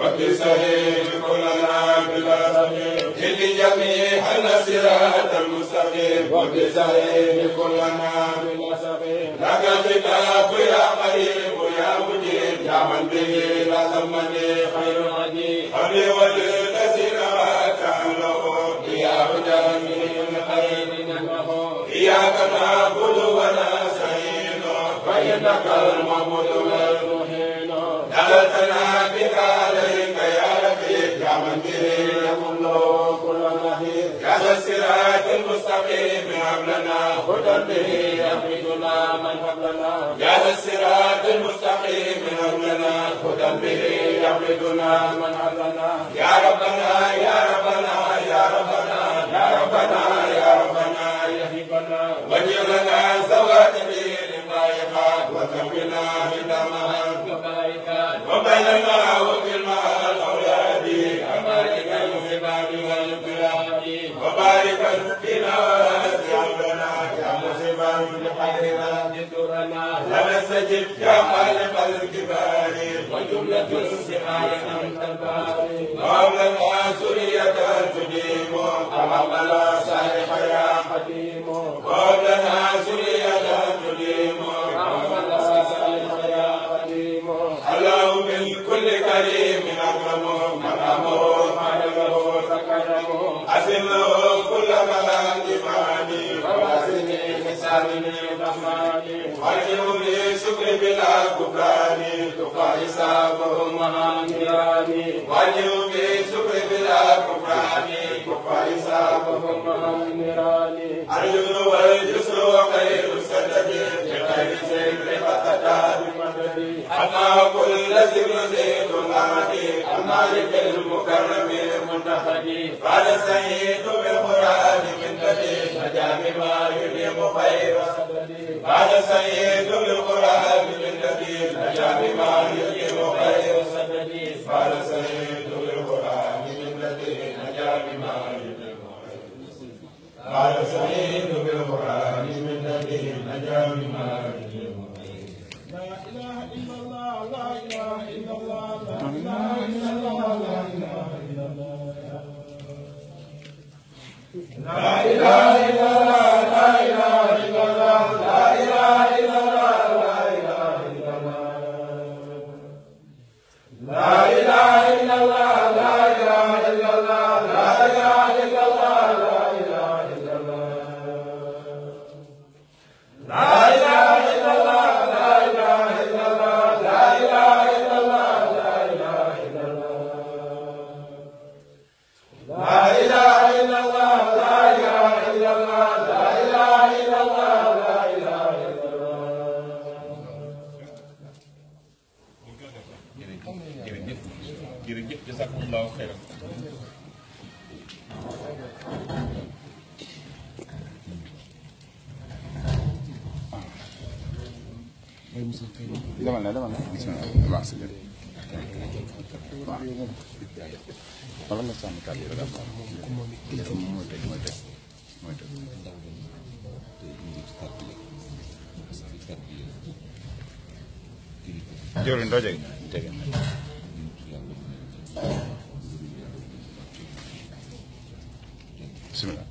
وبسهيل كلنا بلا سهيل للجميع أن صراط المستقيم وبسهيل كلنا بلا سهيل لك الكتاب يا قريب يا مجيب يا من به لا ثمني خير عجيب خلي وجه الذين ما كان له يا هدى من خير نحوه إياك نعبد ونستعين فإنك المعبود والمهين دلتنا بك على يا ربنا يا رب وجب كعالم الكبار وجملة السحار أنت الباري قبل الآسرية تجيب أمام لا صالح يا حكيم قبل الآسرية تجيب أمام لا صالح يا حكيم حلو من كل كريم أكرم من أمره حلمه تكرمه أسمه كل كلام جمالي وأسمه حسابي رحماني خير بلا كفران تقى حسابهم عن كرامي وانيو بشكر بلا كفران تقى حسابهم عن نيراني اليمن واليسر وخير السدد بخير سير فتدار مدري أما كل سر زيد الأمدي أما لك المكرم المنتهدي فعلى سيد بالقرآن من تدي نجا بما يليم خير سدد بعد سيد القرآن من نبيل نجا بما يجب خير سنديل بعد سيد القرآن من نبيل نجا بما يجب بعد سعيد بالقرآن من نبي نجا بما يجب لا إله إلا الله لا إله إلا الله لا إله إلا الله لا إله إلا الله لا إله إلا jërëjëf jërëjëf jazakumullahu xayran demal na demal na bismillah waaw si wala nga sàmm doo jege tege na bismillah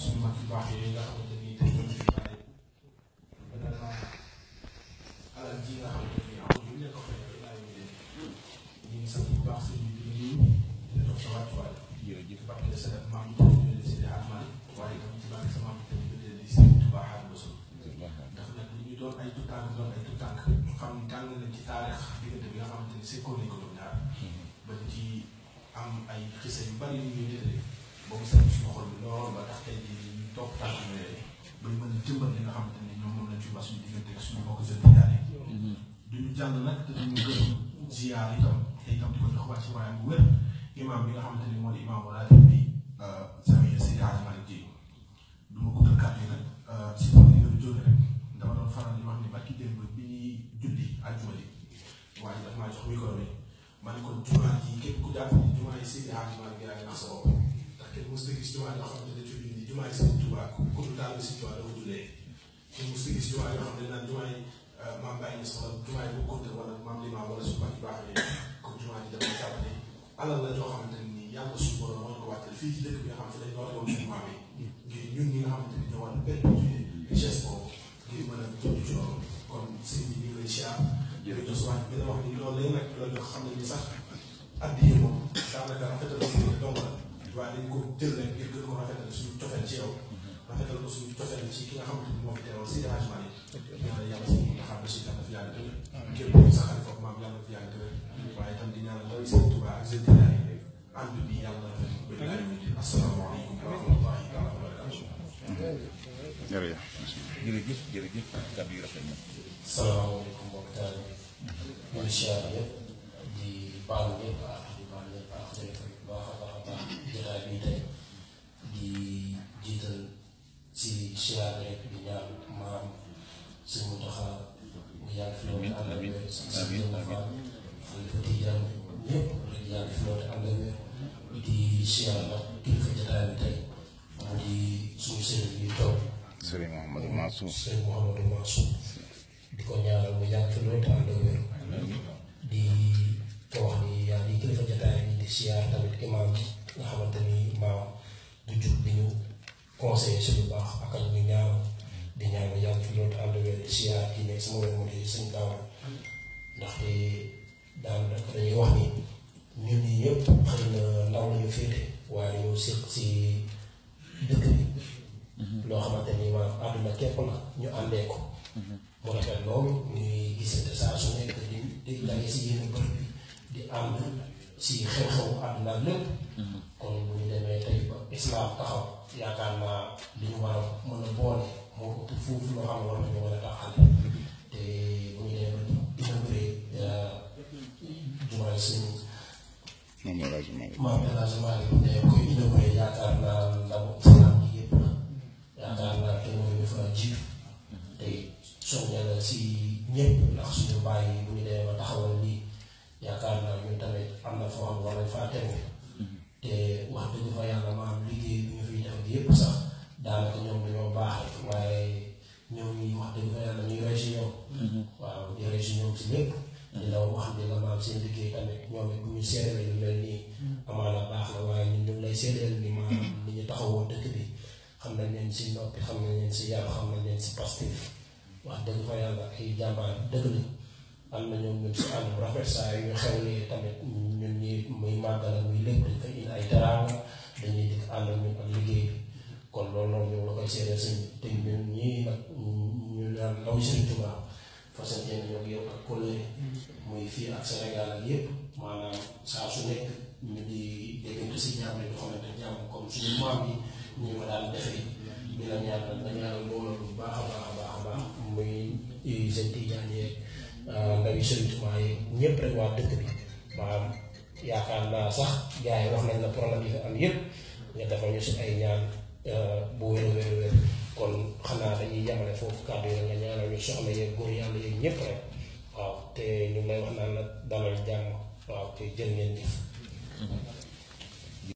suñu mag yu baax yooyu nga xam doon ay tuutànk doon ay tuutànk xam ni jàng nañ ci taarix diggante bi nga xamante ni sekkoo ko doon mm-hmm. ba ci am ay xisa yu bari yu ñuy ba tax tey jii ñu topp tànk yooyu bay mën a jëmbal li nga xamante ni ñoom moom lañ ci wax suñu jël diyaane mm-hmm. duñu jàng nag te duñu gërëm ziyaar itam te itam di ko jox wàcc waaye mu wér imaam bi nga xamante ni moo di imaam walaate jàpp ni jumaa yi Seydi Hadji Malick yaa ngi naan sa bopp ndax kenn mosut a gis jumaa yoo xam ne dañu tudd ni jumaa yi Sëriñ Tuubaa ku dul taal bi Sëriñ Tuubaa dafa dundee kenn mosut a gis jumaa yoo xam ne naan jumaa yi euh, maam Baye Niass wala jumaa yi bu Kunta wala maam Limaa wala su baax baax yi kon jumaa yi dama jàpp ne alal la joo xamante ni yàlla suñu borom moo ko wàccal fii ci dëkk bi nga xam ne dañu war a woon suñu maam yi ngir ñun ñi nga xamante ni ñoo war a perpétuer richesse boobu ngir mën a jot ci loolu kon sëriñ bi ñu ngi lay siyaar di la jox wax ni loolu lay nag loolu xam ne ni sax addiyee moom daanaka rafetal suñu dong la waaye dañ ko jël rek ngir gën ko rafetal suñu cofeel ci yow rafetal ko suñu cofeel ci ki nga xamante ni moo fi teewal si arrangement yi ñaanal yàlla si mu taxaw si yàlla fi yàgg tamit képp ku sa xarit foofu maam yàlla fi yàgg tamit waaye tam di ñaanal daw seen tuba ak seen dinaar yi ànd bi yàlla rafet bu bëri asalaamaaleykum wa rahmatullahi taala wa barakatuh jërëjëf jërëjëf jërëjëf kàddu yu rafet na. salaamaaleykum mbokk taal. di baalu siyaar rek di ñaan maam sëñ mu taxa nga yàgg fi loolu ànd ak sa jëmfaal xalifa tijaan ñëpp rek yàgg fi loolu ànd ak di siyaar la kilifa jotaay bi tey mu di suñu sëriñ bi toog sëriñ Mouhamadou Mansour sëriñ Mouhamadou Mansour di ko ñaanal mu yàgg fi loolu ànd ak di ko wax ni yaa di kilifa jotaay bi di siyaar tamit imaam nga xamante ni maam bu jub bi ñu conseillé si lu baax ak ak ñu ñaanal di ñaanal yàlla fi loolu ànd wér si yaay kii nekk sama wér mu di sëñ Daawar ndax di daan wax ni ñun ñi ñëpp xëy na ndaw lañu féete waaye ñu séq si dëkk bi loo xamante ni maanaam àdduna képp la ñu àndee ko mu rafet loolu ñuy gisante saa su nekk di di daje si yenn bërëb bi di ànd si xew-xewu àdduna lépp mm-hmm. kon bu ñu demee tey ba islaam taxaw yaakaar naa li war a mën a boole moo ëpp foofu loo xam ne war nañu mën a te bu ñu demee dina bëri euh, jumaay suñu. moom El Hadj Malick. moom El Hadj Malick daanaka ñoom dañoo baax waaye ñoom ñi wax dëgg fa yàlla ñuy rey mhm. waaw di rey si ñoom si lépp. di la wax di la maam seen liggéey tamit ñoom it bu ñu seedeel lu mel nii. amaana baax la waaye ñun ñu lay seedeel ni maanaam ni ñu taxawoo dëkk bi xam nañ leen si noppi xam nañ leen si yàlla xam nañ leen si pastif wax dëgg fa yàlla ay jàmbaar dëgg la am na ñoom ñun si àll bu rafet saa yu ñu xewlee tamit. daw yi Sëriñ Tuubaa yi ñëpp rek waa dëkk bi maanaam yaakaar naa sax gars yi wax nañ la problème yi nga am yëpp nga defal ñu si ay ñaan euh, bu wér wér wér kon xanaa dañuy yamale foofu kàddu yi nga ñaanal ñu soxna yeeg góor yàlla yeeg ñëpp rek waaw te ñu lay wax naan nag dalal jàmm waaw te jël ngeen jëf